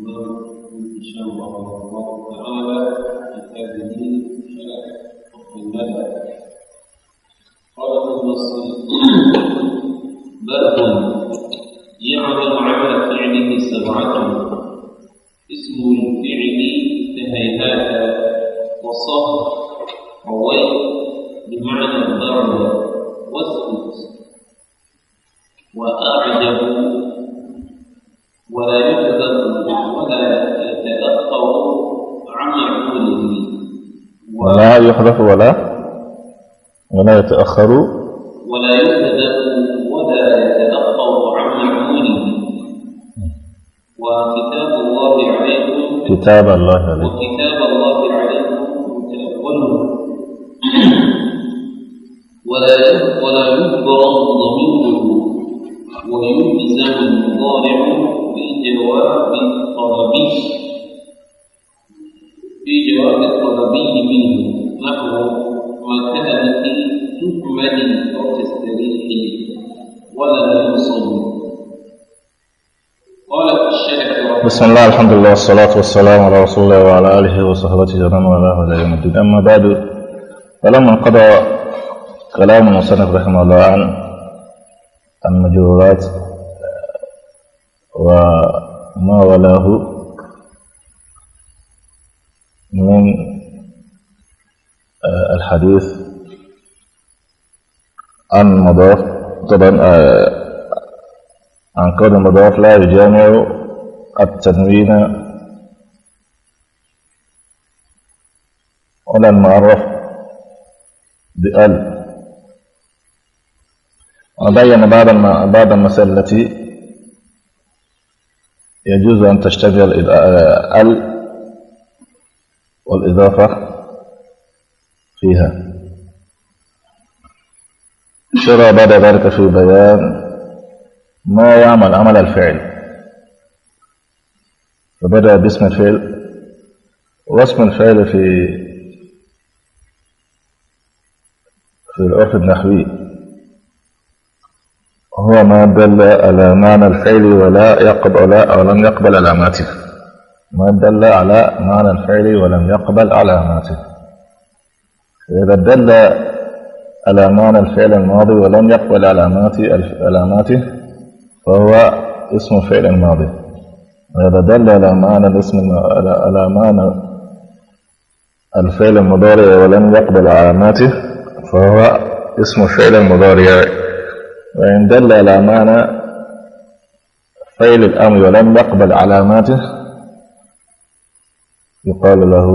إن شاء الله تعالى كتابه شرح حكم المدى قال النصر باب يعمل على فعله سبعة اسم الفعل كهيهات وصهر وويل بمعنى الضرب واسكت وأعجب لا يحذف ولا ولا يتأخر ولا يحذف ولا يتأخر عن معموله وكتاب الله عليكم كتاب الله عليكم وكتاب الله عليكم ولا ولا يجبر ضميره ويلزم المضارع بجواب طلبه ولا بسم الله الحمد لله والصلاة والسلام على رسول الله وعلى آله وصحبه ومن والاه إلى يوم الدين أما بعد فلما انقضى كلام المصنف رحمه الله عن المجرورات وما ولاه من آه، الحديث المضاف طبعا آه، كون المضاف لا يجامع التنوين ولا المعرف بأل وبين بعض بعض المسائل التي يجوز أن تشتغل آه، ال والإضافة فيها الشرع بعد ذلك في بيان ما يعمل عمل الفعل فبدأ باسم الفعل واسم الفعل في في العرف النحوي هو ما دل على معنى الفعل ولا يقبل أو لم يقبل علاماته ما دل على معنى الفعل ولم يقبل علاماته إذا دل علمان الفعل الماضي ولم يقبل علامات علاماته فهو اسم فعل الماضي وهذا دل على معنى الاسم على معنى الفعل المضارع ولم يقبل علاماته فهو اسم فعل المضارع وإن دل على معنى فعل الأمر ولم يقبل علاماته يقال له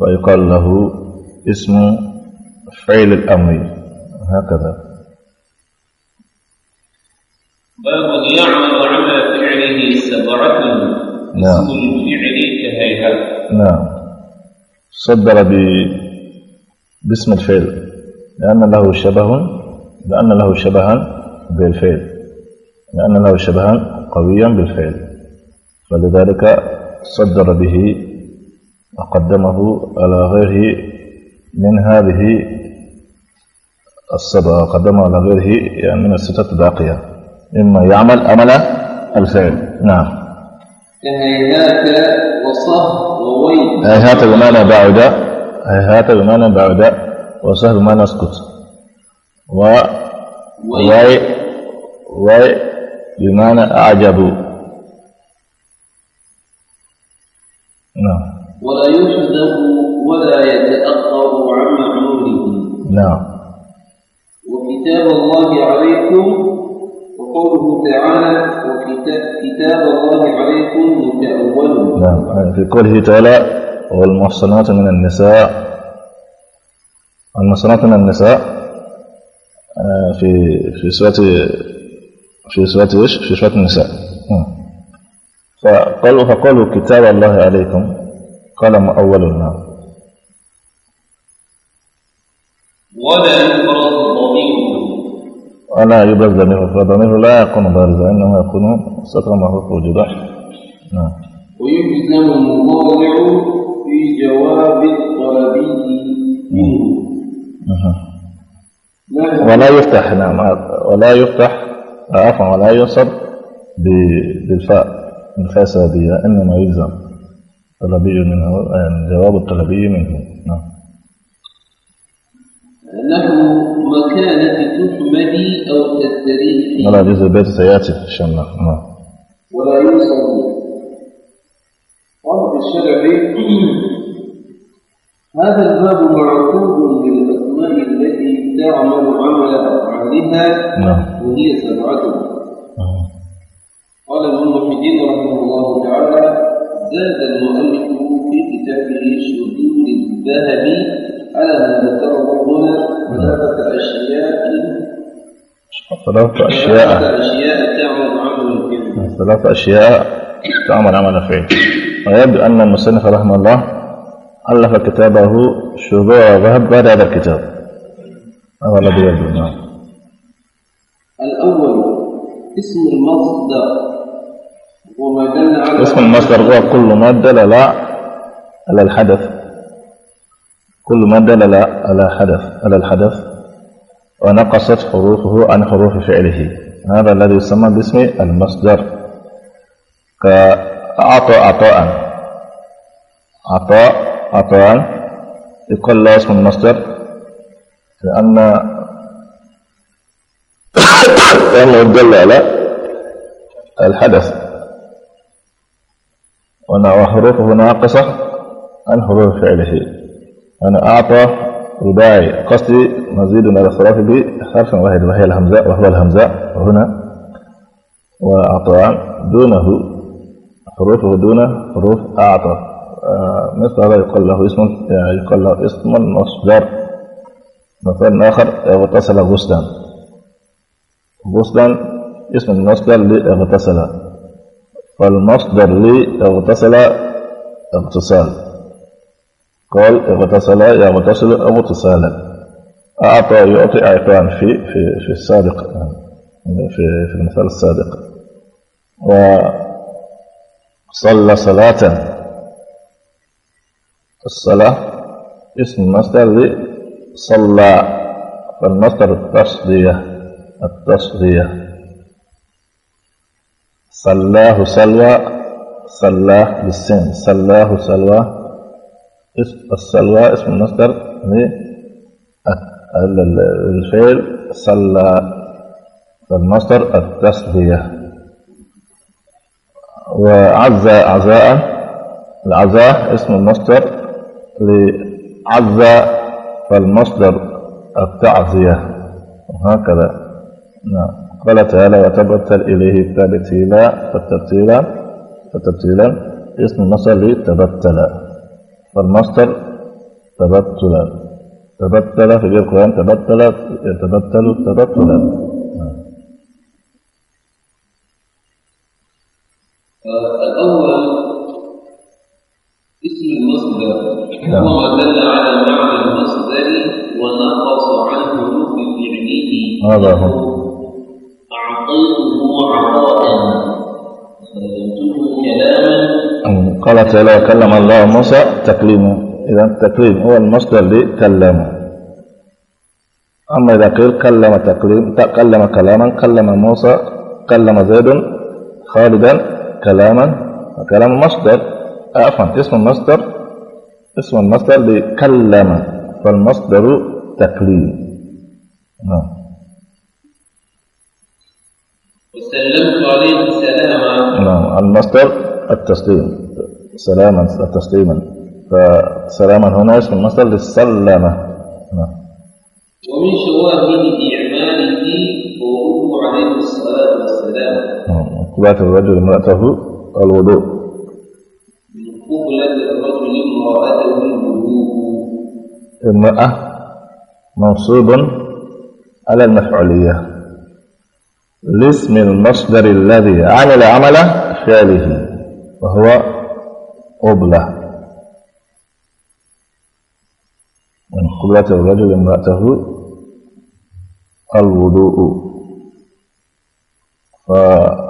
ويقال له اسم فعل الأمر هكذا باب يعمل على فعله سبرة نعم اسم الفعل كهيهات نعم صدر ب... باسم الفعل لأن له شبه لأن له شبها بالفعل لأن له شبها قويا بالفعل فلذلك صدر به أقدمه على غيره من هذه السبعة أقدمه على غيره يعني من الستة الباقية إما يعمل أمل الفعل نعم كهيهات وصهر وويل هيهات بمعنى بعد هيهات بمعنى بعد وصهر بمعنى اسكت و وي وي بمعنى أعجب نعم ولا يحذف ولا يتأخر عن معلومه نعم وكتاب الله عليكم وقوله تعالى وكتاب الله عليكم متأول نعم في قوله تعالى والمحصنات من النساء المحصنات من النساء آه، في في سورة في سورة ايش؟ في سورة النساء نعم. فقالوا فقالوا كتاب الله عليكم قال أول النار ولا يبرز ضميره ولا يبرز ضميره فضميره لا يكون بارزا انما يكون سطر محروف وجراح نعم ويجزم المضارع في جواب الطلبي منه نعم. ولا يفتح نعم ولا يفتح عفوا ولا ينصب بالفاء الفاسدية إنما يجزم طلبي منه يعني جواب الطلبي منه نعم له مكانة تحمدي أو تستريحي على جزء البيت سيأتي إن شاء الله نعم ولا يوصل قال الشرعي هذا الباب معقود بالأسماء التي تعمل عمل أفعالها نعم. وهي سبعة نعم. قال ابن محيدين رحمه الله تعالى زاد المؤلف في كتابه شذور الذهب على ما ذكره هنا ثلاثة أشياء ثلاثة أشياء ثلاثة أشياء تعمل عمل الفعل ثلاثة أشياء تعمل عمل الفعل ويبدو أن المصنف رحمه الله ألف كتابه شذور الذهب بعد هذا الكتاب هذا الذي يبدو نعم الأول اسم المصدر اسم المصدر هو كل ما دل على الحدث كل ما دل على حدث على الحدث ونقصت حروفه عن حروف فعله هذا الذي يسمى باسم المصدر كأعطى عطاء عطاء عطاء يقول له اسم المصدر لأن لأنه دل على الحدث وحروفه ناقصة عن حروف فعله أنا أعطى رباعي قصدي مزيد على الصراف بحرفا واحد وهي الهمزة وهو الهمزة هنا وأعطى دونه حروفه دون حروف أعطى آه، مثل هذا يقال له اسم يعني يقال له اسم مصدر مثال آخر اغتسل غسلا غسلا اسم المصدر لاغتسل فالمصدر لي اغتسل اغتسال قال اغتسل يغتسل اغتسالا أعطى يعطي اعطاء في في في السابق في في المثال السابق وصلى صلاة الصلاة اسم لي لصلى فالمصدر التصدية التصدية صلاه سلوى صلاه بالسين صلاه سلوى السلوى اسم المصدر يعني الفعل صلى المصدر التسلية وعزى عزاء العزاء اسم المصدر لعزى فالمصدر التعزية وهكذا نعم قال تعالى وتبتل إليه التبتيلا فالتبتيلا فالتبتيلا اسم مصدر لتبتل فالمصدر تبتلا تبتل في القرآن تبتل يتبتل تبتلا الأول اسم المصدر نعم. هو دل على معنى المصدر ونقص عنه بفعله هذا هو قال تعالى كلم الله موسى تكليما إذا التكليم هو المصدر لكلمه أما إذا قيل كلم تكليم تكلم كلاما كلم موسى كلم زيد خالدا كلاما كلام مصدر آه، عفوا اسم المصدر اسم المصدر لكلم فالمصدر تكليم نعم وسلمت عليه السلام نعم المصدر التسليم سلاما تسليما فسلاما هنا اسم المصدر للسلامة نعم ومن شواهد إعماله وضوء عليه الصلاة والسلام قبلة نعم. الرجل امرأته الوضوء من قبلة الرجل امرأته الوضوء امرأة منصوب على المفعولية لاسم المصدر الذي عمل عمله فعله وهو قبلة من قبلة الرجل امرأته الوضوء آه،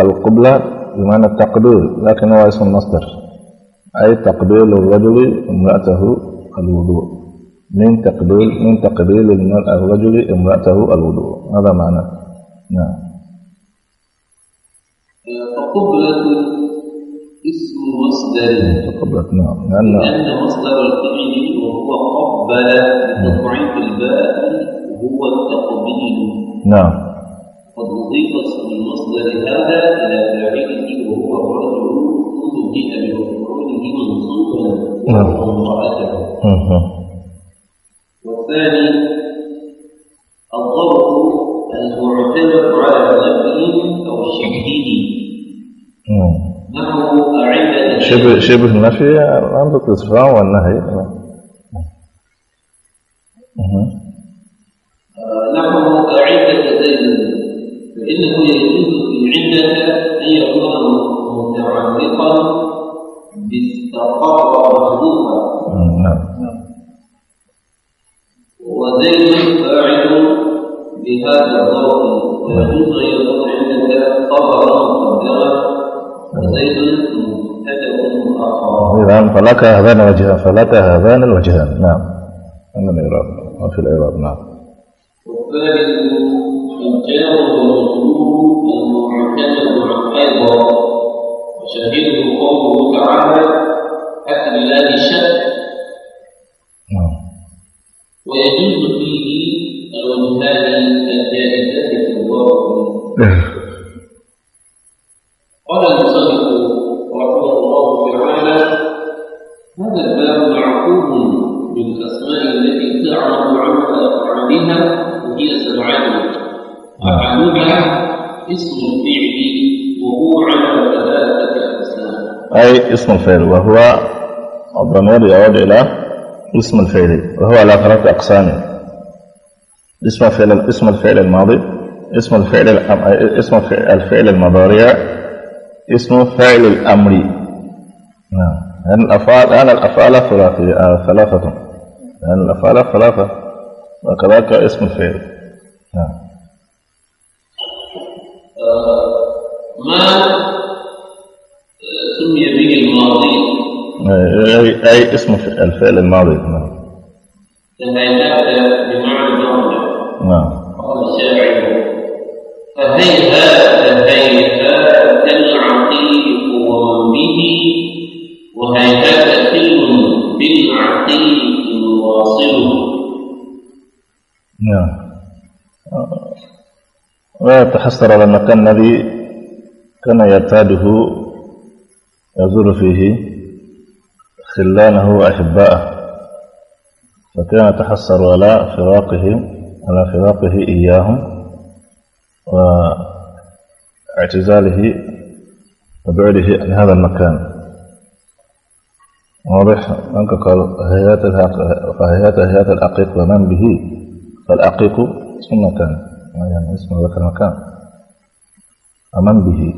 القبلة بمعنى التقبيل لكن هو اسم المصدر أي تقبيل الرجل امرأته الوضوء من تقبيل من تقبيل الرجل امرأته الوضوء هذا معنى نعم فقبلة اسم مصدر فقبلة نعم لأن, لأن مصدر الفعل وهو قبل بتضعيف الباء هو التقبيل نعم قد أضيف اسم المصدر هذا إلى فاعله وهو الرجل ثم جيء بمفعوله منصوبا نعم. وهو امرأته الثاني الضبط المعتمد على النفي أو الشديد نحو أعد شبه شبه النفي عند الاصفاء والنهي نحو أعدة زيد فإنه يجوز في عدة أن يكون متعلقا باستقر محذوفا وزيد فاعل بهذا الضرب ويجوز ان يكون عندك خبرا مقدرا وزيد اذا فلك هذان الوجهان فلك هذان الوجهان نعم هذا الاعراب وفي الاعراب نعم والثالث الجار والمطلوب المعتمد ايضا وشاهده قوله تعالى حتى قال المصنف رحمه الله تعالى هذا الباب معقول بالاسماء التي تعرف عنها عنها وهي سبعان احدها اسم الفعل وهو على ثلاثه اقسام اي اسم الفعل وهو الضمير يعود الى اسم الفعل وهو على ثلاثه اقسام اسم فعل اسم الفعل الماضي اسم الفعل اسم الفعل المضارع اسم فعل الأمر نعم لأن الأفعال أنا الأفعال ثلاثية آه، ثلاثة يعني الأفعال ثلاثة وكذلك اسم الفعل نعم آه، ما آه، سمي به الماضي أي, أي اسم الفعل الماضي نعم بمعنى نعم قال الشافعي فهيهات العقيق به بالعقيق نعم. على المكان الذي كان يرتاده يزور فيه خلانه وأحباءه فكان يتحسر على فراقه على فراقه إياهم واعتزاله وبعده عن هذا المكان واضح أنك قال هيات فهيات هيات الأقيق ومن به فالأقيق المكان يعني اسم ذاك المكان ومن به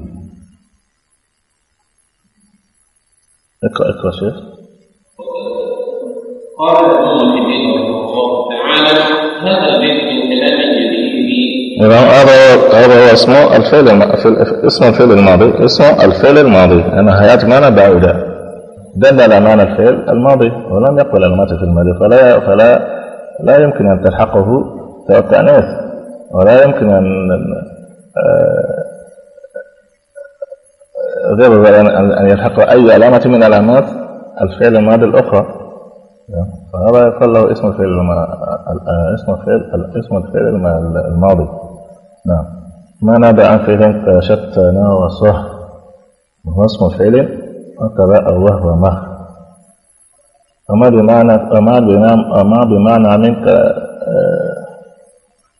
اقرأ اقرأ شيخ قال الله تعالى هذا بيت من كلام الجليل يبقى أرى أرى اسمه الفعل اسم الفعل الماضي اسمه الفعل الماضي أنا هيأتي معنى بعودة دل على معنى الفعل الماضي ولم يقبل المات في الماضي فلا فلا لا يمكن أن تلحقه التأنيث ولا يمكن أن آه، غير أن يلحق أي علامة من علامات الفعل الماضي الأخرى فهذا يقال له اسم الفعل الم... آه، اسم الفعل اسم الفعل الم... الماضي نعم ما نادى عن فعل شتى وصه وهو اسم فعل وتباء وهو مخ وما بمعنى وما بمعنى وما بمعنى منك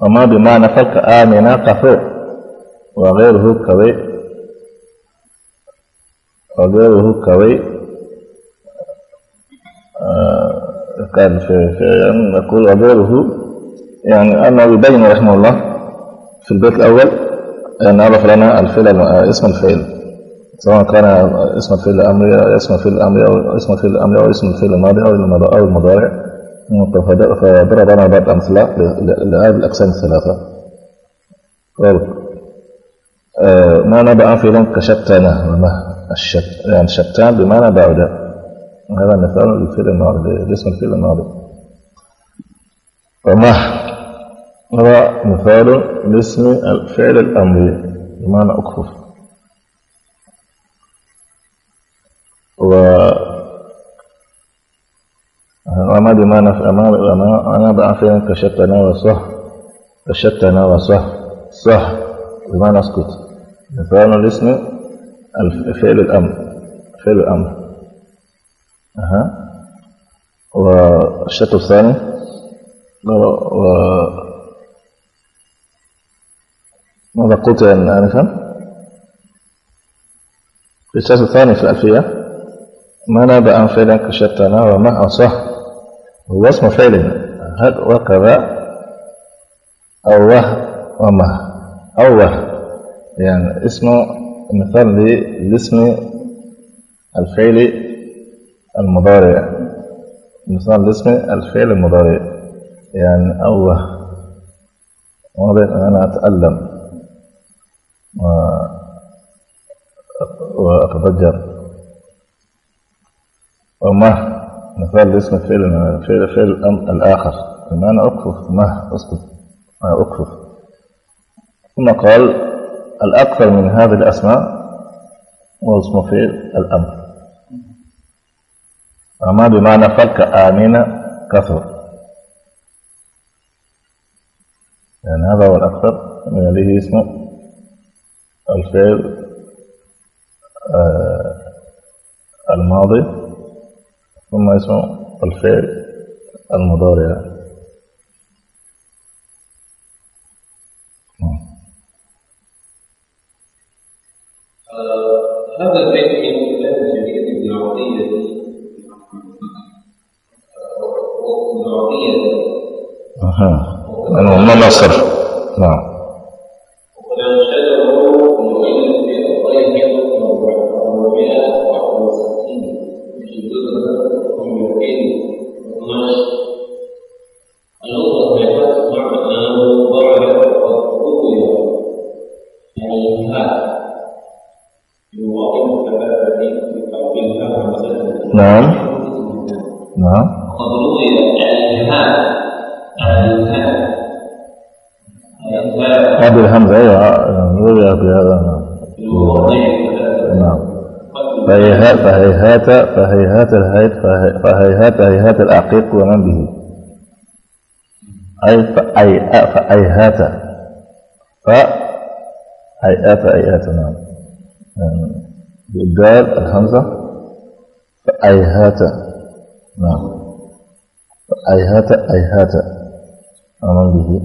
وما آه، بمعنى فك آمنا كفو وغيره كوي وغيره كوي آه كان في في كل غديره يعني أنا يبين رحمه الله في البيت الأول أن عرف لنا الفيل آه، اسم الفيل سواء كان اسم الفيل الأمري اسم الفيل الأمري أو اسم الفيل الأمري أو اسم الفيل الماضي أو المضارع أو المضارع فضرب لنا بعض الأمثلة لهذه الأقسام الثلاثة طيب. آه، ما نبع فعلا كشتانه وما الشت يعني شتان بمعنى بعده هذا مثال لفعل الماضي لاسم الفعل الماضي طمح هذا مثال لاسم الفعل الأمري بمعنى أكفف و وما بمعنى في أمام أنا بقى كشتنا وصح كشتنا وصح صح بمعنى اسكت مثال لاسم الفعل الأمر فعل الأمر أها والشرط الثاني و ماذا قلت يا آنفا؟ الشرط الثاني في الألفية ما ناب عن فعلك كشتنا وما أصح هو اسم فعل هل وكذا أو وه وما أو وه يعني اسم مثال للاسم الفعلي المضارع مثال الاسم الفعل المضارع يعني أوه واضح أنا أتألم وأتضجر وما مثال الاسم الفعل الفعل فعل الآخر أنا أكفف ما أسكت أكفف ثم قال الأكثر من هذه الأسماء هو اسم فعل الأمر أما بمعنى فلك آمن كثر يعني هذا هو الأكثر من يعني اللي هي اسمه الفعل آه الماضي ثم اسمه الفعل المضارع آه، هذا البيت المهم ما صرف نعم هات الهيهات فهيهات هيهات الأعقيق ومن به أي فأي فأيهات فأيهات أيهات نعم, نعم. بالدال الهمزة فأيهات نعم فأيهات أيهات ومن به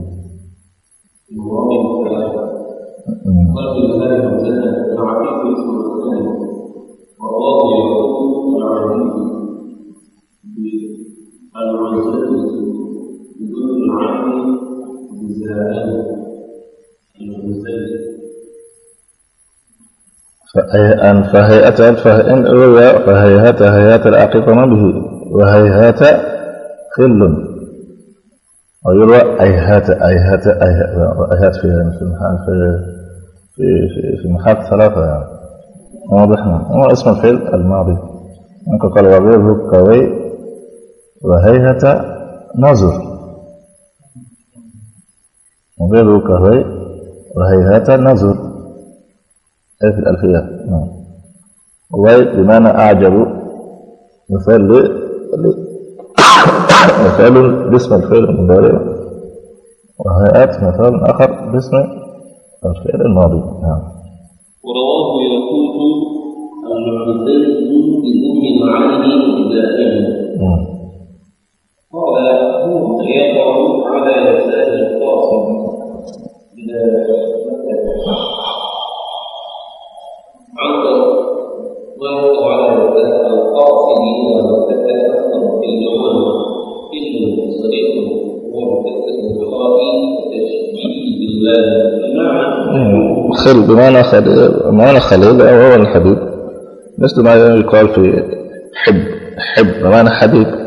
فهيئة الفهئن روى فهيهات هيهات الأقطم به وهيهات خل ويروى أيهات أيهات أيهات في محل في في في, في محل ثلاثة يعني واضح نعم. هو اسم الفعل الماضي انك قال وغيره كوي وهيهة نظر وغيرك كهوي وهيهات نزر أي في الألفية نعم وهي بمعنى أعجب مثال مثال باسم الفعل المضارع وهيئات مثال آخر باسم الفعل الماضي نعم ورواه يقول عن معبدين من بضم العين وبدائه نعم. قال هو يضع على زاد القاسم إلى عنده ويضع على زاد القاسم إلى مكة أصلا في الجمعة إنه صريح ومكة الخاطئ تشبيه بالله خل بمعنى خليل بمعنى خليل هو الحبيب مثل ما يقال في حب حب بمعنى حبيب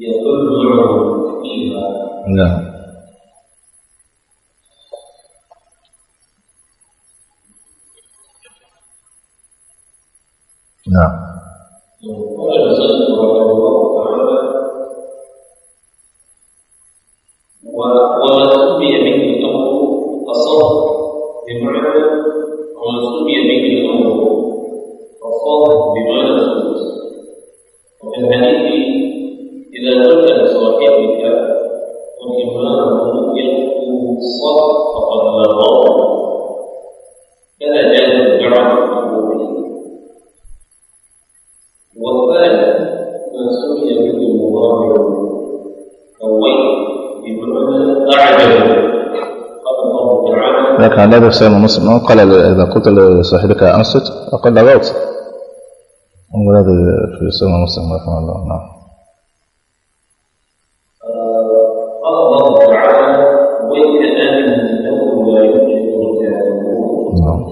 يدل فيها نعم نعم ولا سمي منه الامر فصار بمعنى ولا سمي منه الامر فصار بمعنى لابد سلم مسلم قال إذا قلت لصاحبك أنصت أقل أبوت هذا في سلم مسلم رحمه الله نعم,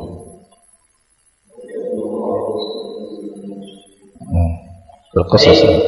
نعم. القصص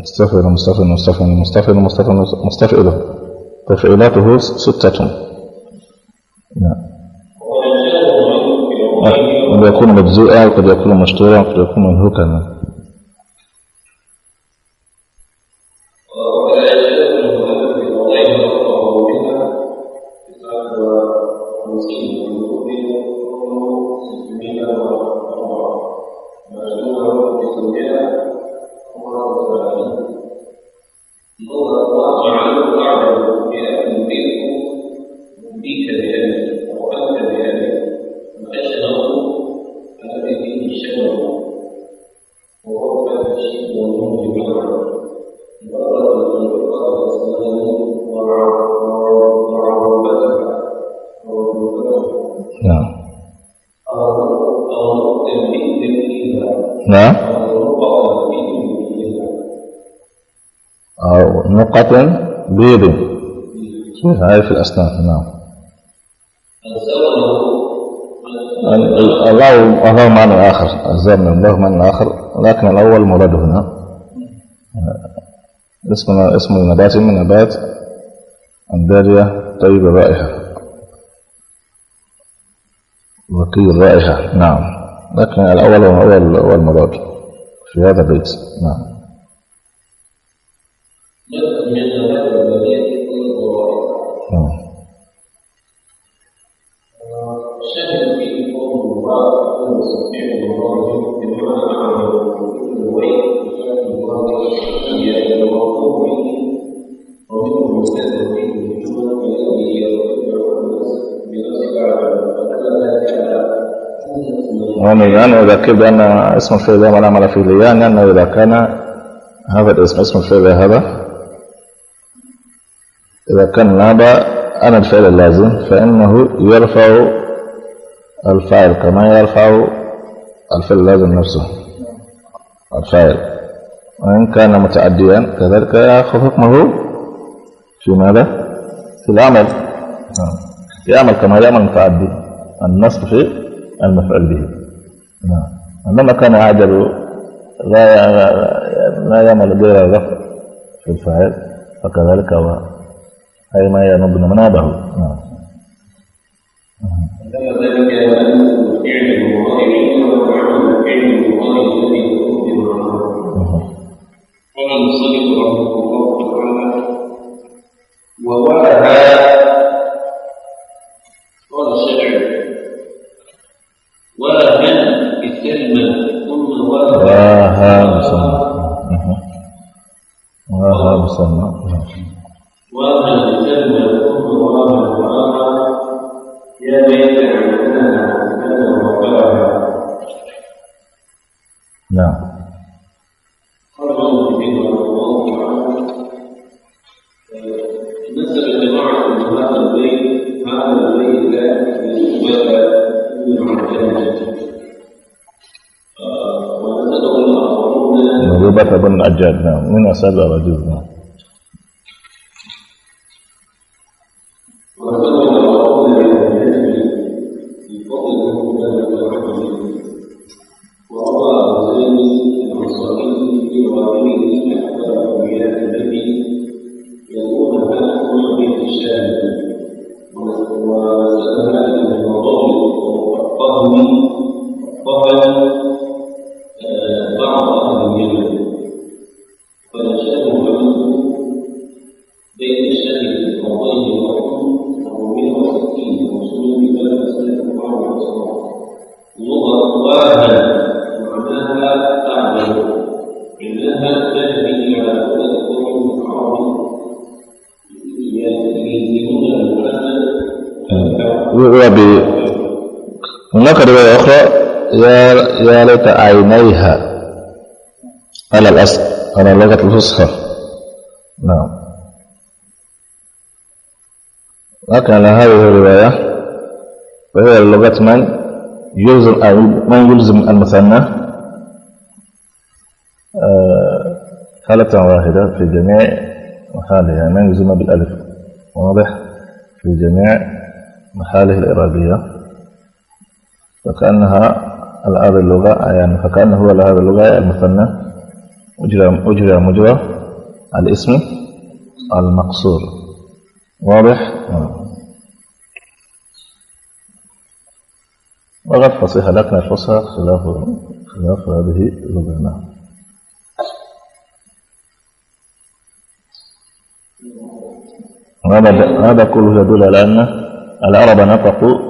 مستفعل مستفعل مستفعل مستفعل مستفعل مستفعله تفعيلاته ستة نعم قد يكون مجزوءا وقد يكون مشتورا وقد يكون منهوكا امرأة بيض كيف في الأسنان نعم الله له معنى آخر الزمن له معنى آخر لكن الأول مراد هنا نعم. اسمنا اسم النبات من نبات الدارية طيب رائحة وقيل الرائحة نعم لكن الأول هو المراد في هذا البيت نعم نتأكد بأن اسم الفعل من والعمل فيه ليانا يعني أنه إذا كان هذا الاسم اسم الفعل هذا إذا كان هذا أنا الفعل اللازم فإنه يرفع الفاعل كما يرفع الفعل اللازم نفسه الفاعل وإن كان متعديا كذلك يأخذ حكمه في ماذا؟ في العمل نعم. يعمل كما يعمل المتعدي النصب في المفعل به نعم انما كان عجلوا لا ما يعمل غير الرفع في الفاعل فكذلك هو اي ما ينب منابه نعم قال نعم. الله جدنا من أسأل الله جزنا جعلت عينيها على الأصل على اللغة الفصحى نعم لكن على هذه الرواية وهي لغة من يلزم من يلزم المثنى آه، حالة واحدة في جميع محالها يعني من يلزم بالألف واضح في جميع محاله الإرادية فكأنها على هذه اللغة يعني فكأنه هو على هذه اللغة المثنى أجرى أجرى مجرى الاسم المقصور واضح وقد فصيح لكن الفصحى خلاف خلاف هذه اللغة نعم هذا هذا كله يدل على أن العرب نطقوا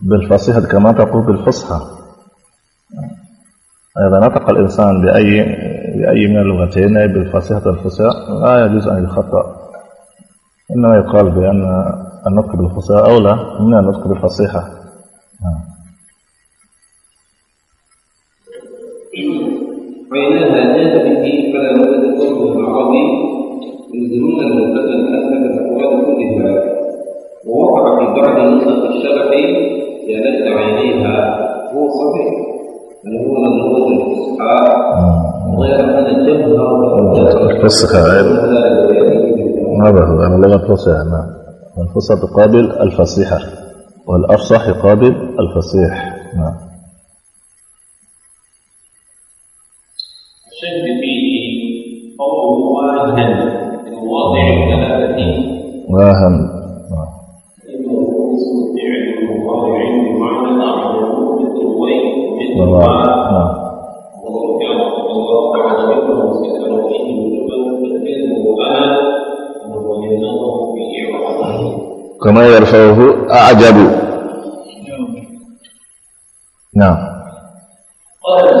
بالفصيحة كما تقول بالفصحى إذا نطق الإنسان بأي بأي من اللغتين بالفصيحة الفصحى لا يجوز أن يخطأ إنما يقال بأن النطق بالفصحى أولى من النطق بالفصيحة وإنها به فلا يلزمون أن تكون أقوال ووقع في بعض نسخ الشبكي جلد عينيها هو صحيح من هو نبوة الإسحاق غير أن تظهر الفسخ ما بهذا أنا لغة فصيحة نعم الفصحى تقابل الفصيحة والأفصح يقابل الفصيح نعم الشد فيه قوله واهن من واضع الثلاثة واهن Allah. Nah. Kama yarfa'uhu a'jabu. Nah. Qala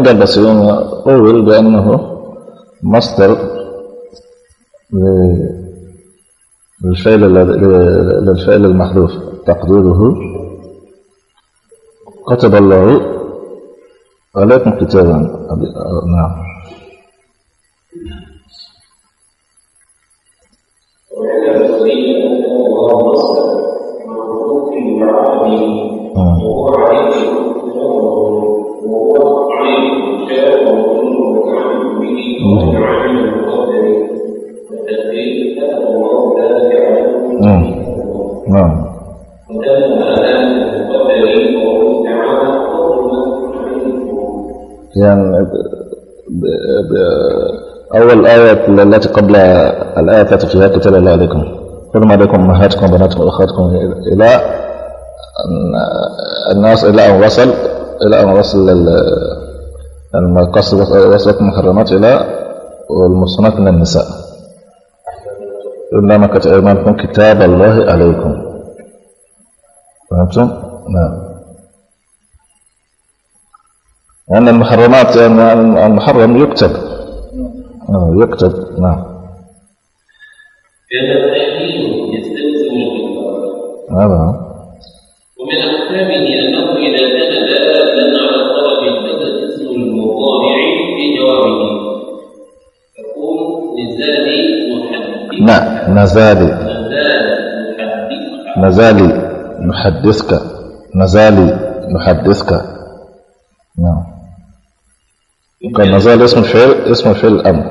عند البصريون قول بأنه مصدر للفعل للفعل المحذوف تقديره كتب الله عليكم كتابا نعم وهو عليه وهو الله نعم نعم يعني ب... ب... أول آية التي قبل الآية التي فيها كتاب الله عليكم حرم عليكم أمهاتكم وبناتكم وأخواتكم إلى الناس إلى أن وصل إلى أن وصل لل... المقاصد وصلت المحرمات إلى المصنف من النساء إنما كانت أيمانكم كتاب الله عليكم فهمتم؟ نعم لأن يعني المحرمات يعني المحرم يكتب آه يكتب نعم لأن التحريم يستلزم الكفارة نعم ومن أحكامه أنه لا نزالي نزالي نحدثك نزالي نحدثك نعم كان نزال اسم الفعل اسم الفعل الأمر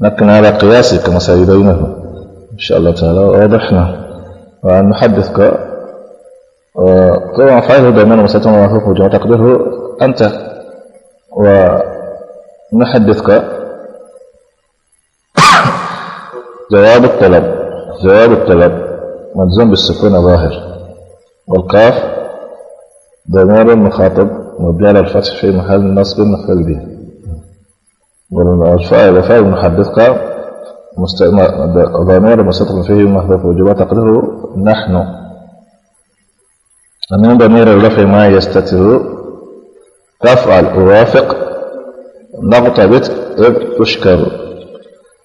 لكن هذا قياسي كما سيبينه إن شاء الله تعالى واضح نعم وأن نحدثك طبعا فعله دائما وسيتم وافقه أنت ونحدثك جواب الطلب جواب الطلب ملزوم بالسكون ظاهر والقاف ضمير مخاطب مبني على الفتح في محل نصب مفعول به والفاء المحدث قام ضمير مستتر فيه محذوف وجواب تقديره نحن من ضمير الرفع ما يستتر تفعل أوافق نغتبت إذ تشكر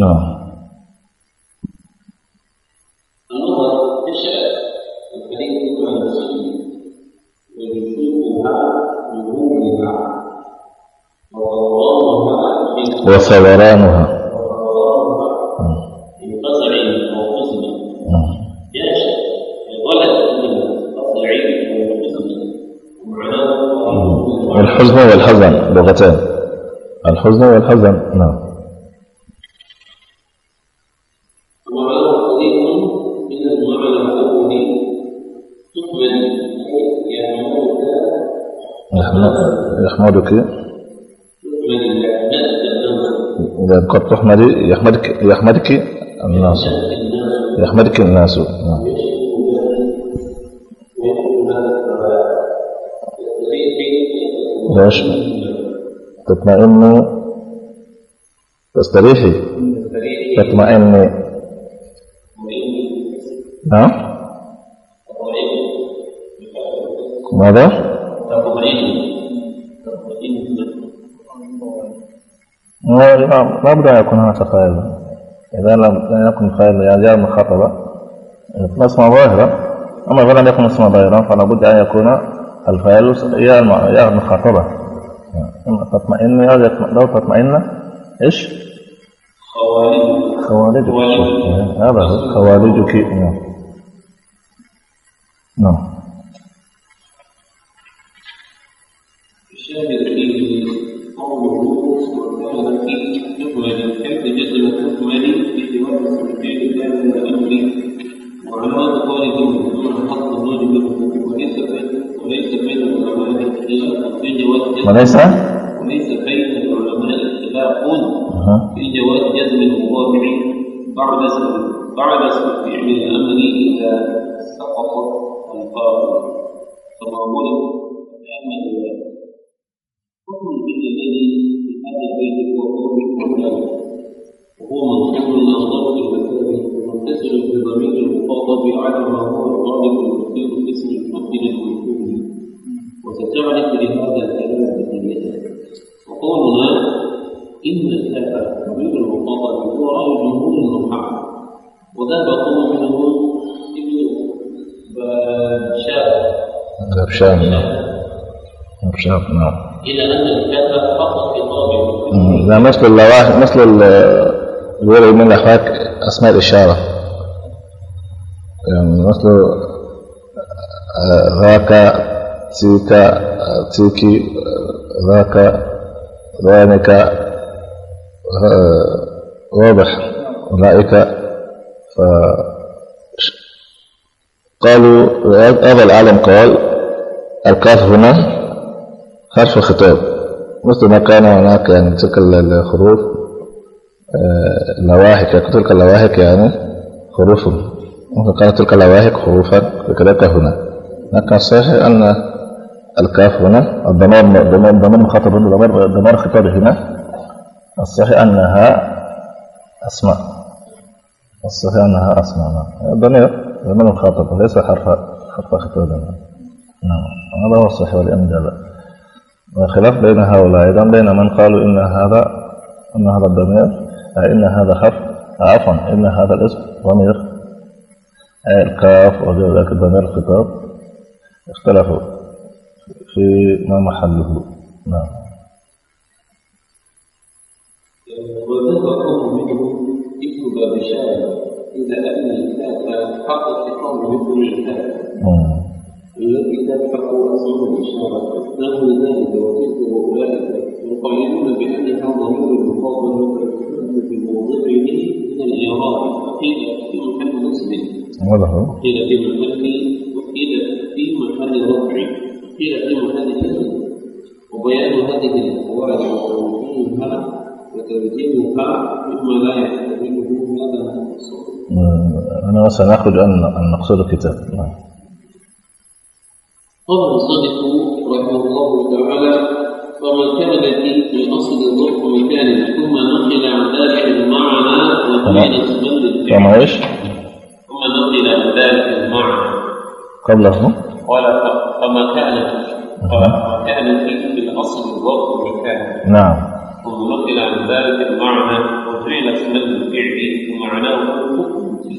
نعم الحزن والحزن نعم يحمدك إذا قد تحمد يحمدك يحمدك الناس يحمدك الناس نعم ليش تطمئن تستريحي تطمئني نعم ماذا لا بد أن يكون هناك خيال إذا لم يكن خيال يعني جاء خطبة اسمها ظاهرة أما إذا لم يكن اسمها ظاهرة فلا بد أن يكون الخيال يا المخاطبة تطمئن لو تطمئن ايش؟ khawarij apa khawarij ki no no Malaysia بالذكر الذي في هذا البيت هو قول القران وهو منصوب الناصب المكان متصل بضمير المخاطب على ما هو الطالب المكتوب باسم المقدم المنكوب وستعرف لهذا الكلام بدنيته وقولنا ان الكافر ضمير المخاطب هو راي جمهور المحقق وذهب قوم منه ابن برشام برشام نعم برشام نعم الى ان لا مثل اللواح مثل الولد من الاخوات اسماء الاشاره يعني مثل ذاك آه، تيكا تيكي ذاك ذلك آه، واضح أولئك قالوا هذا العالم قال الكاف هنا حرف خطاب مثل ما كان هناك يعني تلك الخروف آه، لواهك يعني تلك اللواهك يعني خروف ممكن كانت تلك اللواهك خروفا وكذلك هنا لكن الصحيح أن الكاف هنا الضمير ضمير مخاطب ضمير خطاب هنا الصحيح أنها أسماء الصحيح أنها أسماء الضمير الضمير مخاطب ليس حرف حرف خطاب نعم هذا هو الصحيح والإمداد وخلاف بين هؤلاء أيضا بين من قالوا إن هذا إن هذا الضمير آه، إن هذا حرف آه، عفوا إن هذا الاسم ضمير آه، القاف وغير ذلك ضمير الخطاب اختلفوا في ما محله نعم وذكر منه اسم باب إلا أن الكتاب حق الخطاب مثل الكتاب التي تدفع اصلا الاشاره نحو ذلك وتلك اولئك يقالون بانها ضمير مفاضل في موضعه من الاعراب قيل في محل نصب وله قيل في محل وقيل في محل رفع قيل في محل كسب وبيان هذه الاقوال وتوجيهها وترجمها مما لا يحتمله هذا المقصود. انا مثلا اخرج ان المقصود الكتاب نعم. قال المصنف رحمه الله تعالى فمن كان في اصل الروح مكانه ثم نقل عن ذلك المعنى وبين سبل الفعل ايش؟ ثم نقل عن ذلك المعنى قبله قال فما كان فما كان في الاصل الروح مكانه نعم ثم نقل عن ذلك المعنى وبين سبل الفعل ومعناه حكم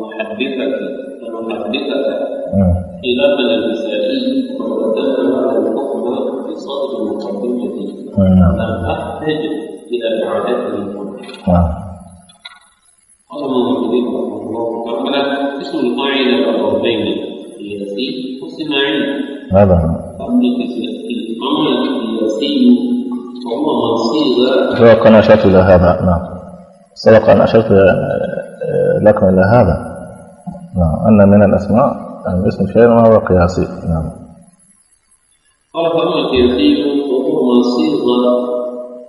وأحدثك وأحدثك خلاف نعم. النسائي وأقدمه على الحكم في بصدر مقدمته نعم. لم أحتج إلى إعادته نعم. قال المنذرين رحمه الله تعالى اسم القاعدة الربين القياسي والسماعي هذا في الأمر القياسي وهو فهو صيغ سبق أن أشرت إلى هذا نعم سبق أن أشرت إطلاقا إلى هذا نعم أن من الأسماء أن الاسم فعل وهو قياسي نعم قال فأما القياسي فهو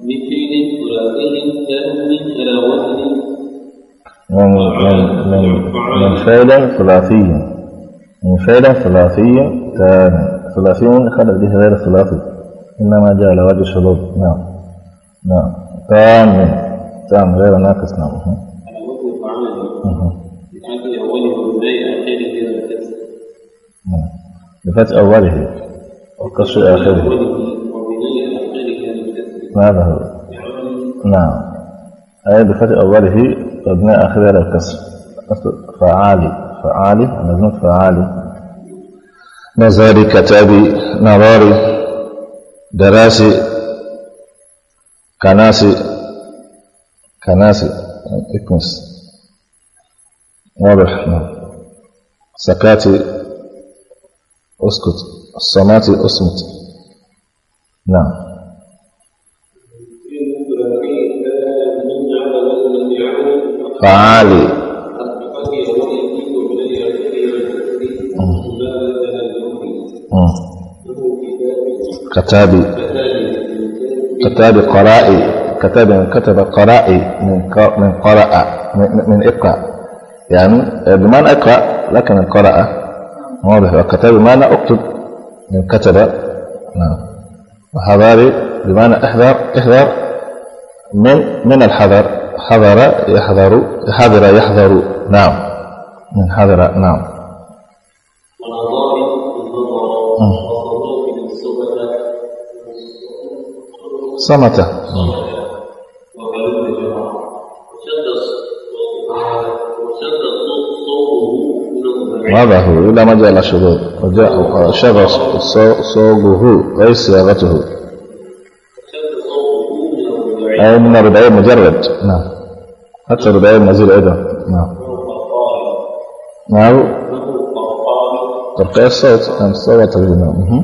من فعل ثلاثي كان من على وزن من من من فعل ثلاثي من فعل ثلاثي تام ثلاثي خلت به غير ثلاثي إنما جاء على وجه الشذوذ نعم نعم تام تام غير ناقص نعم بفتح أوله آخره نعم بفتح أوله وكسر آخره هذا هو نعم أي بفتح أوله وبناء آخره على الكسر فعالي فعالي مجنون فعالي نظري كتابي نظري دراسي كناسي كناسي اكمس واضح سكاتي اسكت صماتي اصمت نعم فعالي كتابي كتابي قرائي كتاب كتب قرائي من قرأ من اقرأ يعني آه، بمعنى اقرأ لكن القرأ واضح وكتب بمعنى اكتب من يعني كتب نعم وحذاري بمعنى احذر احذر من من الحذر حذر يحذر حذر يحذر نعم من حذر نعم صمت هو إلى جاء الشذوذ وجاء شذى صوغه ليس صياغته أو من الرباعية مجرد نعم حتى الرباعية مزيد أيضا نعم نعم ترقية الصوت نعم الصوت ترجمة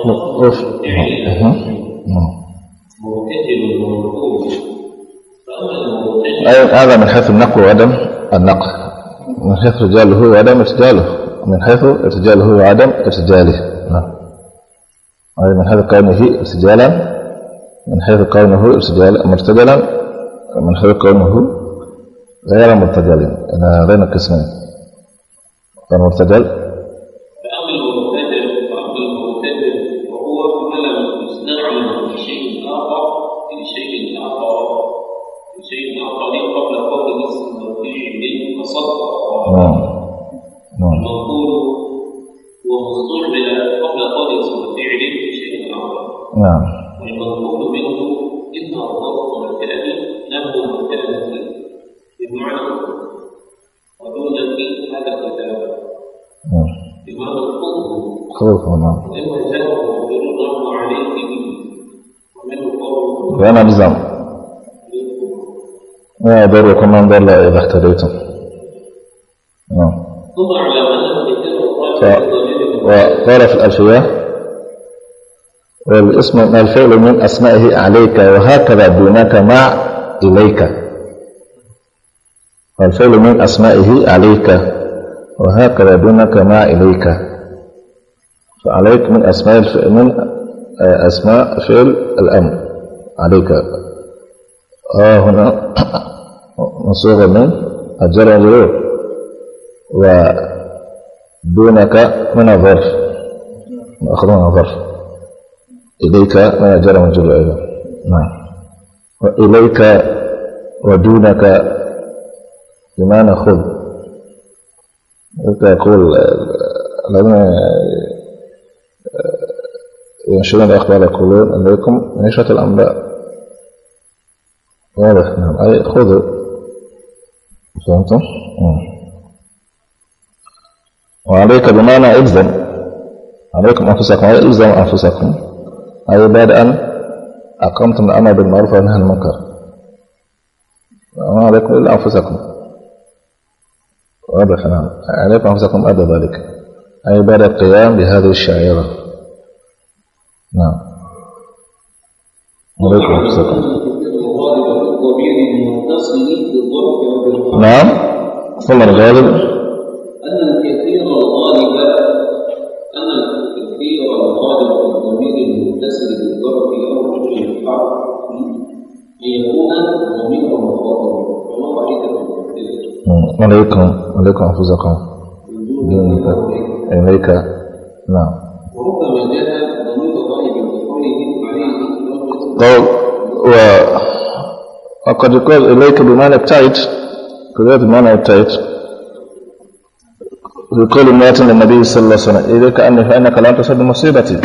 يطلق هذا من حيث النقل وعدم النقل من حيث رجاله وعدم ارتجاله من حيث ارتجاله وعدم ارتجاله نعم. أي من حيث كونه ارتجالا من حيث كونه ارتجالا مرتجلا من حيث كونه غير مرتجل قسمين كان مرتجل وقوله ومصدر قبل قول فعل شيء اعظم نعم يعني والمطلوب منه ان الله مثلا له مثلا بمعنى ودون في هذا الكتاب نعم. بمعنى القوه خوفه نعم وأنا بالذنب لا يضركم من ضل إذا اهتديتم نعم وقال في الألفية والاسم ما الفعل من أسمائه عليك وهكذا دونك مع إليك والفعل من أسمائه عليك وهكذا دونك مع إليك فعليك من أسماء من آه، أسماء فعل الأمر عليك ها آه هنا مصوغ من الجر والجرور دونك من ظرف وآخرون ظرف إليك من جرى من جل أيضا نعم وإليك ودونك لما نأخذ يقول الذين ينشرون الأخبار يقولون إليكم نشرة الأنباء واضح نعم أي خذوا فهمتم؟ نعم. وعليك بمعنى إلزم عليكم أنفسكم أي إلزم أنفسكم أي بعد أن أقمتم الأمر بالمعروف ونهى المنكر وما عليكم إلا أنفسكم واضح نعم عليكم أنفسكم أدى ذلك أي بعد القيام بهذه الشعيرة نعم عليكم أنفسكم نعم ثم الغالب يسرد الضرب او وجه الحرب ليكون مميتا مخاطرا فما عليك عليكم عليكم انفسكم دينك اليك نعم وربما جاء ضمير غائب بقوله عليه قول و وقد يقال اليك بمعنى ابتعد كذلك بمعنى ابتعد يقول امرأة للنبي صلى الله عليه وسلم إليك أني فإنك لن تصب مصيبتي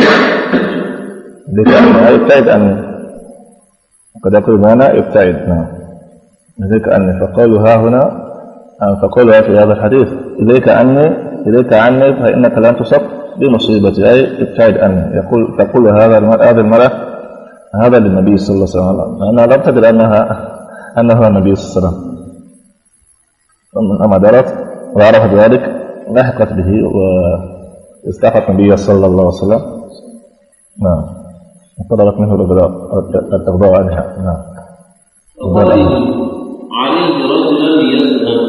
ذكر يبتعد عني وقد يقول هنا ابتعد نعم إليك عني فقالوا ها هنا فقالوا في هذا الحديث إليك عني إليك عني فإنك لن تصب بمصيبتي أي ابتعد عني يقول تقول هذا هذه المرأة هذا للنبي صلى الله عليه وسلم لأنها لم تدر أنها أنه النبي صلى الله عليه وسلم أما درت وعرف ذلك لحقت به واستحقت النبي صلى الله عليه وسلم نعم وطلبت منه الإغضاء عنها نعم عليه رجلا يزهد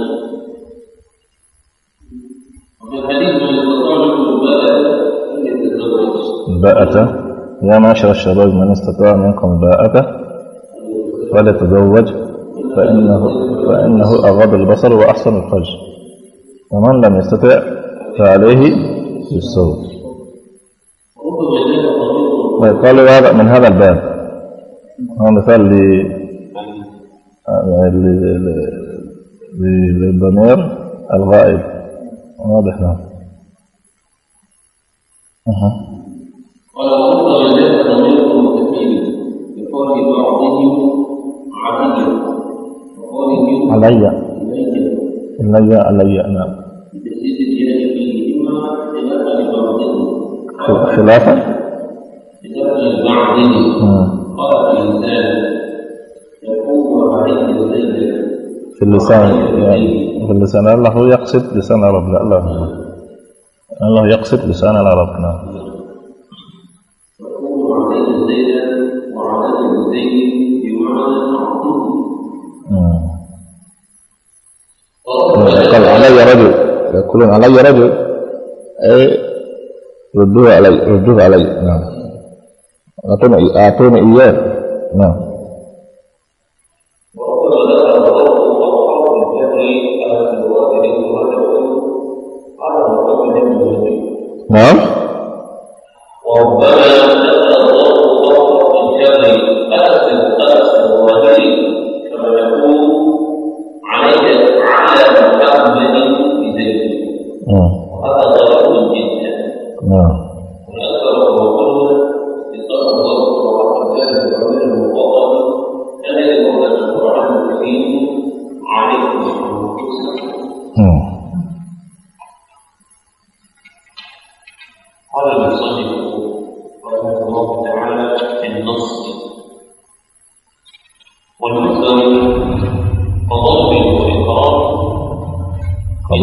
وفي الحديث من استطاع باءة يا معشر الشباب من استطاع منكم باءة فليتزوج فإنه فإنه أغض البصر وأحسن الفرج ومن لم يستطع فعليه بالصوت طيب، قالوا هذا من هذا الباب هو مثال ل يعني ل للضمير الغائب واضح نعم أها. قال وأفضل الناس ضمير المتكلم بقول بعضهم علي وقولهم علي علي علي نعم بتشديد الياء يعني فيهما خلافا لبعضهم خلافا آه. في اللسان يعني في اللسان الله يقصد لسان العرب لا الله الله يقصد لسان العرب نعم آه. قال علي رجل يقولون علي رجل اي ردوه علي ردوه علي نعم Atau nak atau nak iya. Nah. Nah.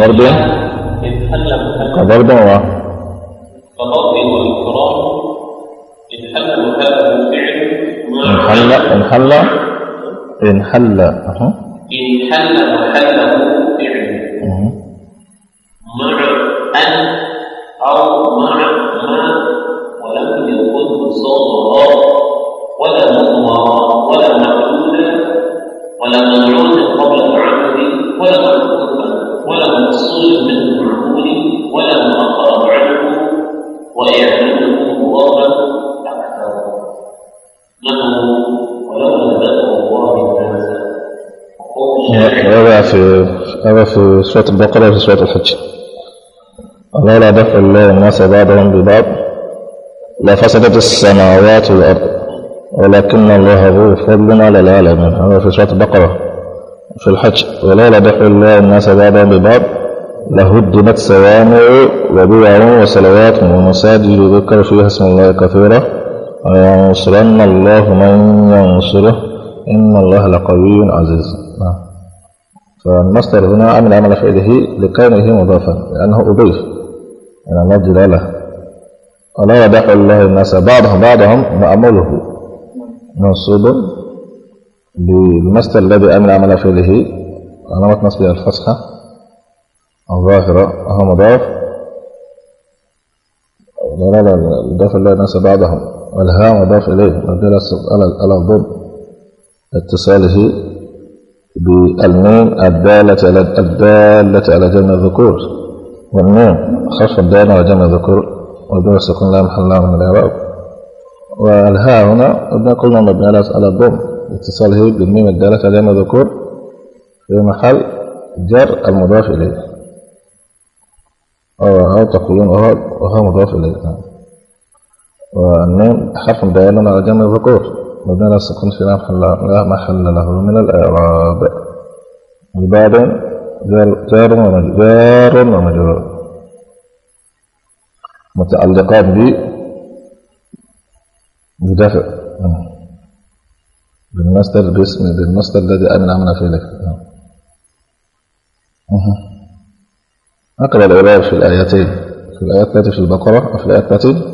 Nomor dua. هذا في هذا في سورة البقرة وفي سورة الحج ولولا دفع الله الناس بعضهم ببعض لفسدت السماوات والأرض ولكن الله ذو فضل على العالمين هذا في سورة البقرة في الحج ولولا دفع الله الناس بعضهم ببعض لهدمت صوامع وبيع وصلوات ومساجد يذكر فيها اسم الله كثيرا وينصرن الله من ينصره إن الله لقوي عزيز نعم. فالمصدر هنا عمل عمل فعله لكونه مضافا لأنه أضيف إلى الله جلاله ولا يدع الله الناس بعضهم بعضهم مأمله منصوب بالمصدر الذي عمل عمل فعله علامة نصبه الفصحى الظاهرة وهو مضاف ولا يدع الله الناس بعضهم والهاء مضاف إليه مبني على الضم اتصاله بالنون الدالة على الدالة على جمع الذكور والنون خف الدالة على جمع الذكور والدور سكون لا محل لها من الإعراب والهاء هنا قلنا كلنا مبني على الضم اتصاله بالميم الدالة على جمع الذكور في محل جر المضاف إليه أو تقولون وهو مضاف إليه والنون حرف دال على جمع الذكور مبني على السكون في محل لا محل له من الإعراب وبعدين جار ومجار ومجرور متعلقات ب بدفع بالمصدر باسم بالمصدر الذي أنعمنا فيه لك أه. أقرأ العبارة في الآيتين في الآيات التي في البقرة وفي الآيات التي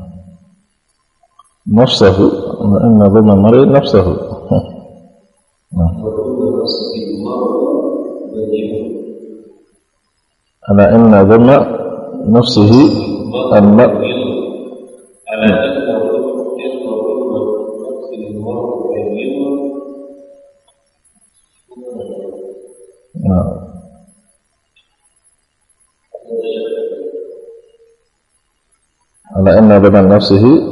نفسه إن ظلم المرء نفسه أنا إن ظلم نفسه المرء على نعم. أن ظلم نفسه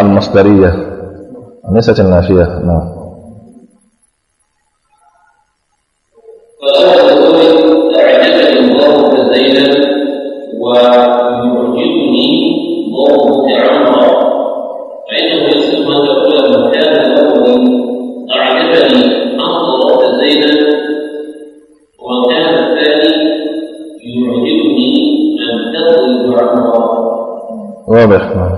المصدرية ليست النافية نعم أعجبني ويعجبني عمر فإنه يسمى كان أعجبني زينب وكان الثاني يعجبني أن عمر واضح نعم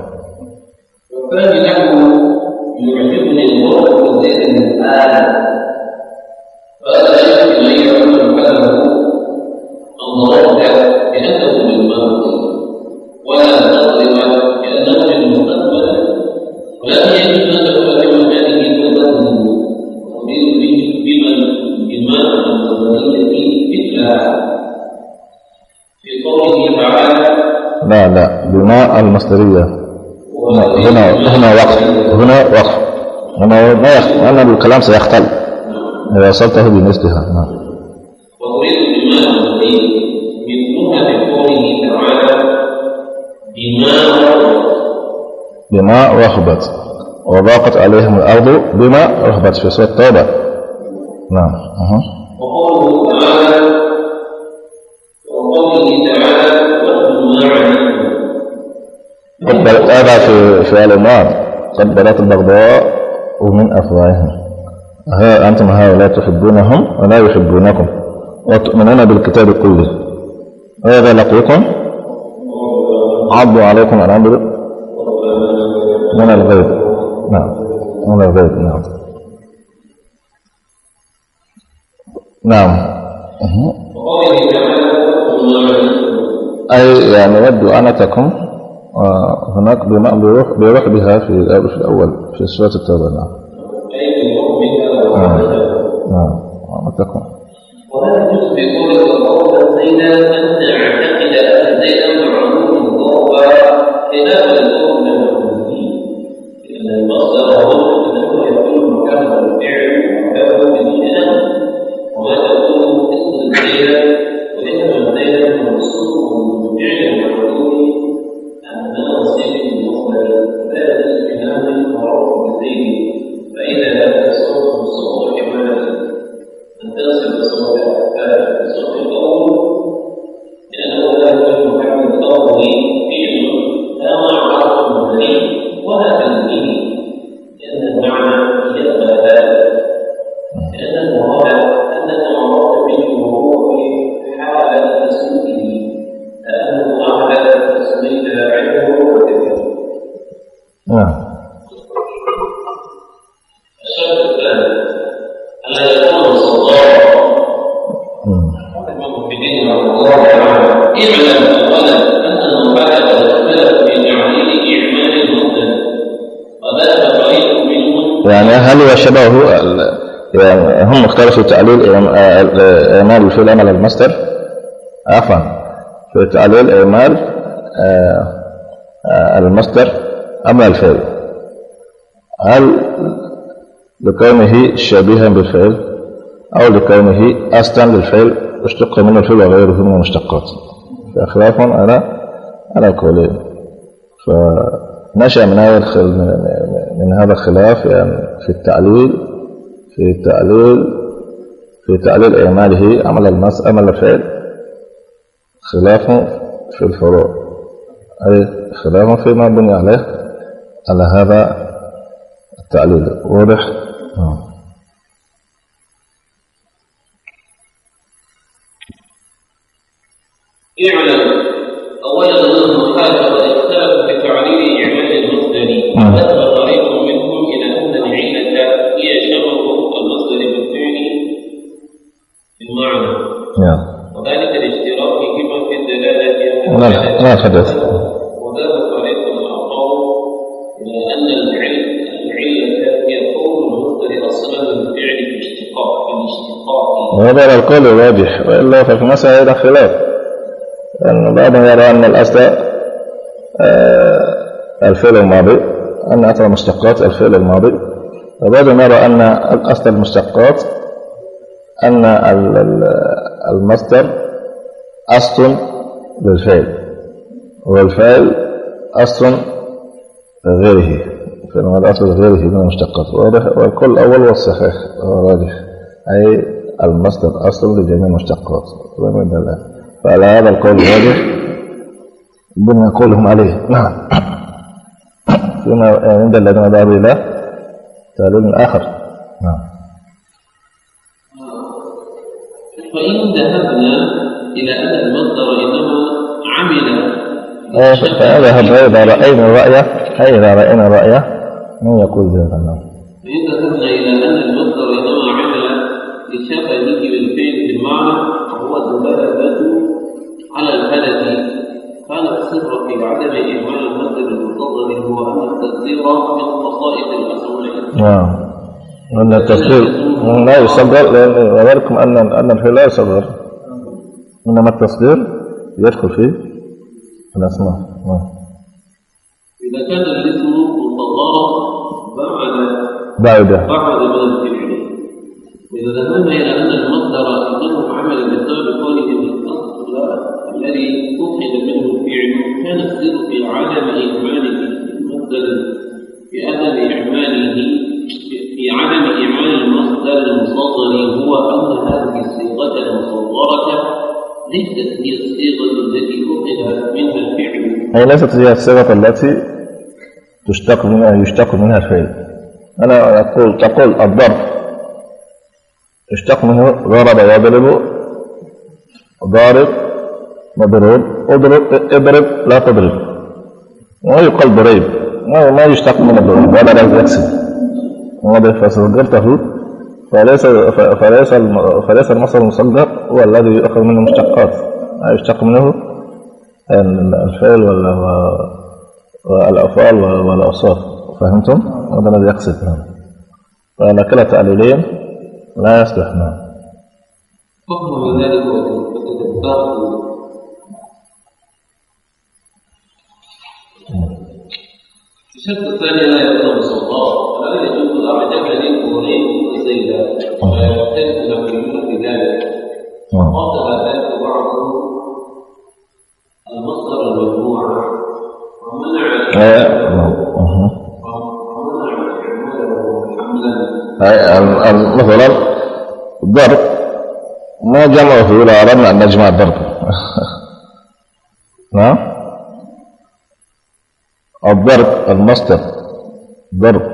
الكلام سيختل إذا وصلته بمثلها نعم وأريد بما من مثلها قوله تعالى بما رهبت بما رهبت وضاقت عليهم الأرض بما رهبت في سورة التوبة نعم أه. وقوله تعالى وقوله تعالى هذا في في آل عمران قد بدت البغضاء ومن أفواههم ها أنتم هؤلاء تحبونهم ولا يحبونكم وتؤمنون بالكتاب كله هذا لقيكم عضوا عليكم الأمر من الغيب نعم من الغيب نعم نعم أي يعني ودوا أنتكم آه، هناك بروح بروح بها في الأول في سورة التوبة نعم نعم وتكون ولا يجوز بقول القول زيدا ان تعتقد ان زيدا عموم ضرب خلاف القول المعتقدين لان المصدر هو شبهه هم اختلفوا تعليل إعمال آه، في الأمل المصدر عفوا في تعليل إعمال آه، آه، المصدر أما الفعل هل لكونه شبيها بالفعل أو لكونه أصلا للفعل اشتق منه الفعل وغيره من المشتقات فخلاف على على قولين فنشأ من هذا الخلاف يعني في التعليل في التعليل في تعليل إعماله عمل المس عمل الفعل خلافه في الفروع أي خلافه فيما بني عليه على هذا التعليل واضح؟ نعم حدث أصلا من فعل الاشتقاق الاشتقاق وهذا القول واضح وإلا ففي مسألة خلاف لأن بعضهم يرى أن الأصل آه، الفعل الماضي أن أثر مشتقات الفعل الماضي وبعضهم يرى أن الاصل المشتقات أن المصدر أصل للفعل والفعل أصل غيره فإنه الأصل غيره من المشتقات واضح والكل أول والصحيح راجح أي المصدر أصل لجميع المشتقات فعلى هذا القول الراجح بما قولهم عليه نعم فيما يعني عند الذين ذهبوا إلى تعليل آخر نعم وإن ذهبنا إلى أن المصدر هذا فإذا رأينا الرأي إذا رأينا الرأي من يقول ذلك النوع؟ فإن ذهبنا إلى أن المصدر إنما عمل ذكر الفعل في المعنى وهو الدلالة على الحدث قال السر في عدم إجمال المصدر المتصل هو أن التصدير من خصائص المسؤولين. نعم. أن التصدير لا يصدر وذلكم أن أن الفعل لا يصدر إنما التصدير يدخل فيه الأسماء إذا كان الاسم متضارب بعد بعد بعد من الفعل إذا ذهبنا إلى أن المصدر يصرف عملا بسبب قوله الذي أخذ منه الفعل كان السر في عدم إيمانه المصدر في عدم إعماله في عدم إعمال المصدر المصدر هو أن هذه الصيغة المصدرة ليست هي الصيغه التي منها الفعل ليست هي الصيغه التي تشتق منها يشتق منها الفعل انا اقول تقول الضرب يشتق منه ضرب يضرب ضارب مضروب اضرب اضرب لا تضرب ما يقال ضريب ما يشتق من الضرب ولا لا يكسب هذا فسر قلته فليس فليس فليس المصدر المصدر هو الذي يؤخذ منه مشتقات يشتق منه الفعل والافعال والاوصاف فهمتم؟ هذا الذي يقصد نعم فان كلا تعليلين لا يصلح نعم حكم ذلك وتدبرت الشرط الثاني لا يكون مصدر فلا يجوز الاعجاب زي ده ويختلف المكلمون في ذلك آه. وقدر ذلك بعضهم المصدر المجموع ومنع آه. آه. مثلا الضرب ما جمعه ولا أردنا أن نجمع الضرب نعم الضرب المصدر ضرب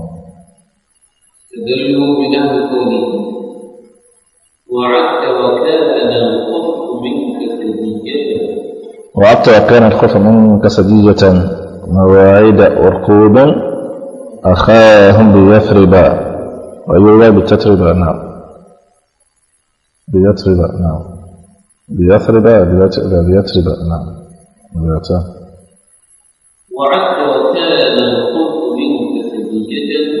تذلوا بنحو كونه وعدت وكان الخوف منك سديجة وعدت وكان الخوف منك سديجة مواعيد ورقودا أخاهم بيثرب ويولى بتترب نعم بيثرب نعم بيثرب بيثرب نعم بيثرب وعدت وكان الخوف منك سديجة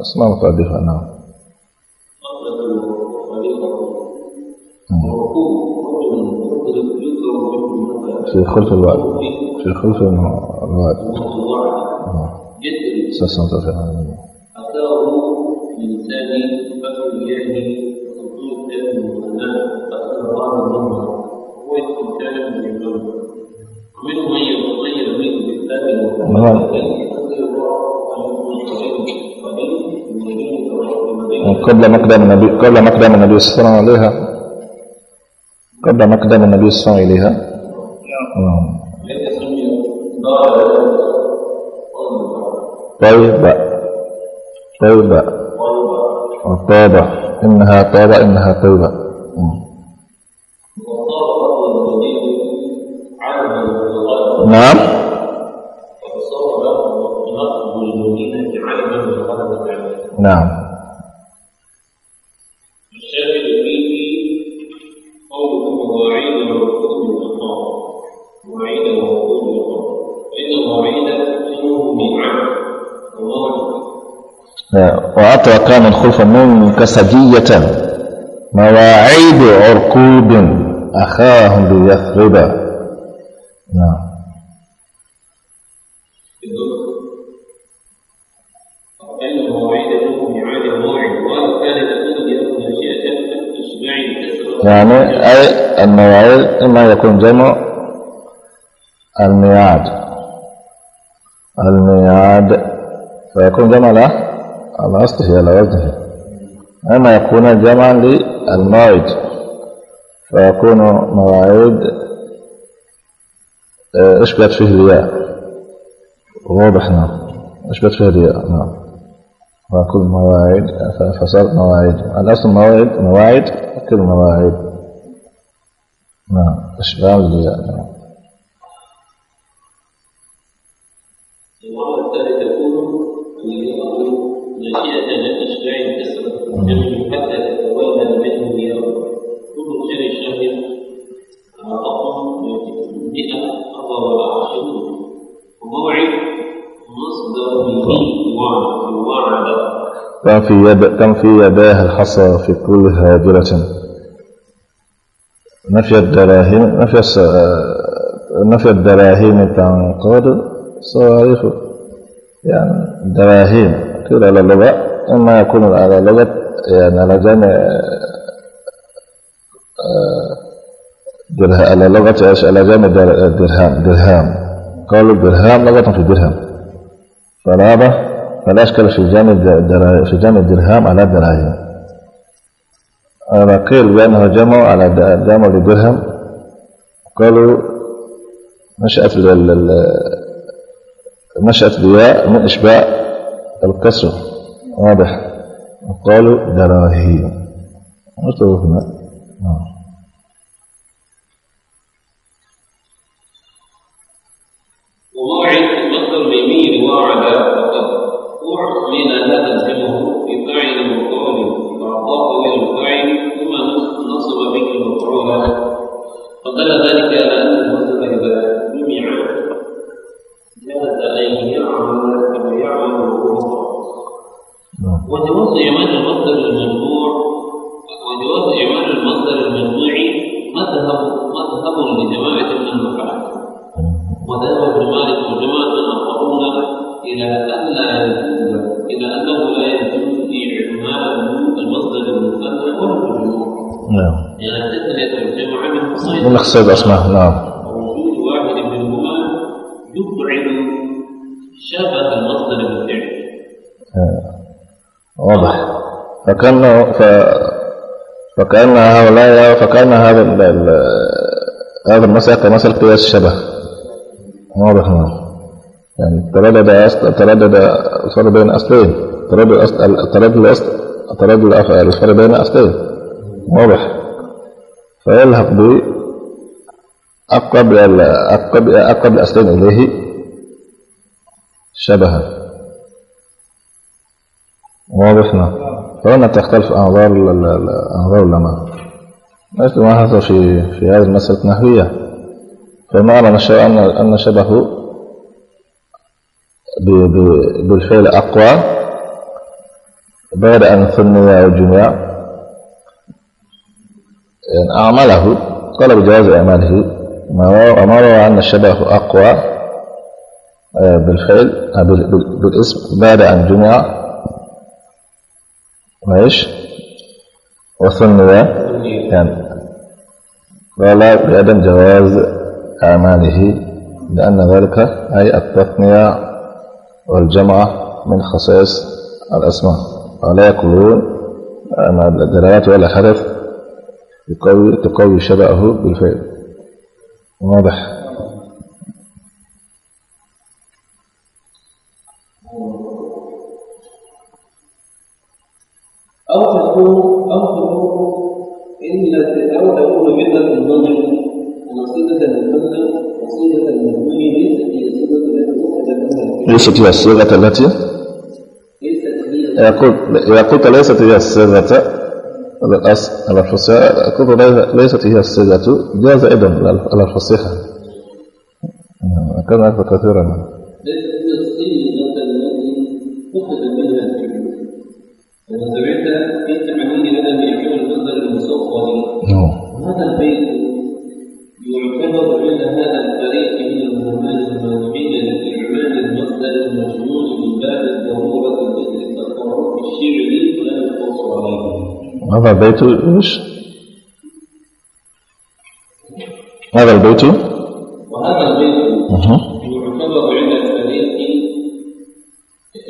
اسمه تعريف نعم في خلف الوعد في خلف الوعد جدا سنتظر قبل مقدم النبي قبل مقدم النبي صلى الله عليه عليها قبل مقدم النبي صلى الله عليه طيبة طيبة طيبة إنها طيبة إنها طيبة نعم نعم وأطلق من خلف منك سجية مواعيد عرقوب أخاهم بيثرب نعم يعني أي المواعيد إما يكون جمع الميعاد الميعاد فيكون جمع له الاصل هي على أما يكون جمعا للمواعيد فيكون مواعيد أشبت آه، فيه الياء واضح نعم أشبت فيه الياء نعم وكل مواعيد فصارت مواعيد الأصل مواعيد مواعيد كل مواعيد نعم أشبال الياء نعم نتيجة حتى تتولد منه كل خير شهر وموعد مصدر وعد وعد كم في يد كم في يداه الحصى في كل هادرة نفي الدراهم نفي الس... نفي الدراهم تنقاد صواريخ يعني دراهم قيل على اللغة إما يكون على لغة يعني على آه، آه، درها على لغة إيش على جمع آه، درهم درهم قالوا الدرهام لغة في الدرهم فالهذا فلا أشكال في در في جمع الدرهام على الدراهم أنا قيل بأنه جمع على جمع لدرهم قالوا نشأت نشأت بياء من إشباع القسوة واضح وقالوا دراهم مطلوب آه. وموعد مصدر ثم نصب به ذلك على أن إذا جمع جاءت عليه يعمل كما يعمل وهو وجواز إعمال المصدر المرفوع وجواز إعمال المصدر المرفوع مذهب مذهب لجماعة من الرفعة وذهب ابن مالك وجماعة آخرون إلى أن لا يجوز إلى أنه لا يجوز إعمال المصدر المثنى نعم. يعني التثنية والجمع من خصائص من خصائص أسماء نعم. واضح فكان ف... فكان هؤلاء فكان هذا ال... هذا المسألة كمثل قياس الشبه واضح نعم يعني تردد أصل تردد الفرق بين أصلين تردد أصل تردد الأصل تردد الفرق بين أصلين واضح فيلحق ب أقرب أقرب أقرب الأصلين إليه شبهه واضح نعم فهنا تختلف أنظار أنظار العلماء ما هذا في في هذه المسألة نهوية فمعنى أن أن شبهه بالفعل أقوى بعد أن ثني أو جمع يعني أعمله قال بجواز أعماله ما روى أن شبهه أقوى آه، بالفعل آه، بالاسم بعد أن جمع ماشي وصلنا ده كان قال بعدم جواز أعماله لأن ذلك أي التثنية والجمعة من خصائص الأسماء ولا يقولون أن الدلالات ولا حدث تقوي, تقوي شبهه بالفعل واضح أو تكون أو تكون إن أو تكون علة الظن وصيغة المثنى وصيغة المبني ليست هي التي ليست هي الصيغة التي يقول ليست هي الصيغة الفصيحة يقول ليست هي الصيغة جاز أيضا الفصيحة كان أكثر كثيرا البيت إيش هذا البيت وهذا البيت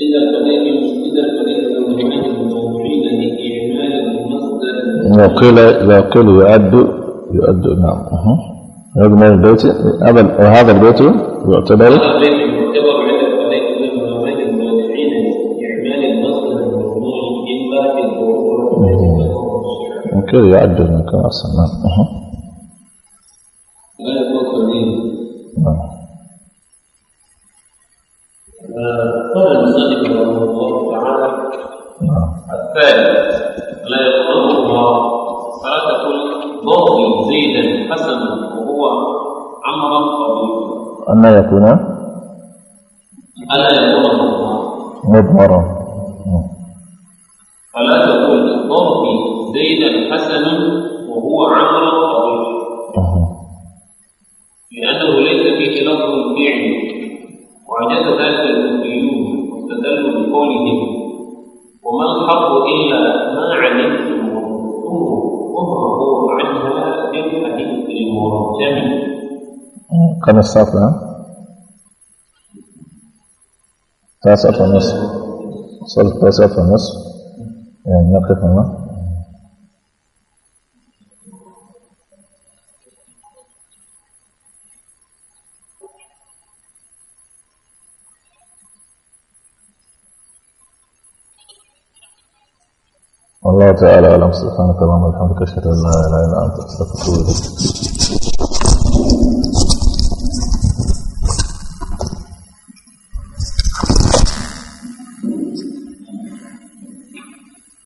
يعتبر عند الفريق عند الفريق مسجدا فريق المجمعين الموضوعين لإعمال المصدر وقيل إذا قيل يؤد يؤد نعم هذا البيت وهذا البيت يعتبر كده يعدل من كان أصلا التاسعة ونصف صلاة التاسعة ونصف يعني نقف هنا الله تعالى أعلم سبحانك اللهم وبحمدك أشهد أن لا إله إلا أنت أستغفرك وأتوب إليك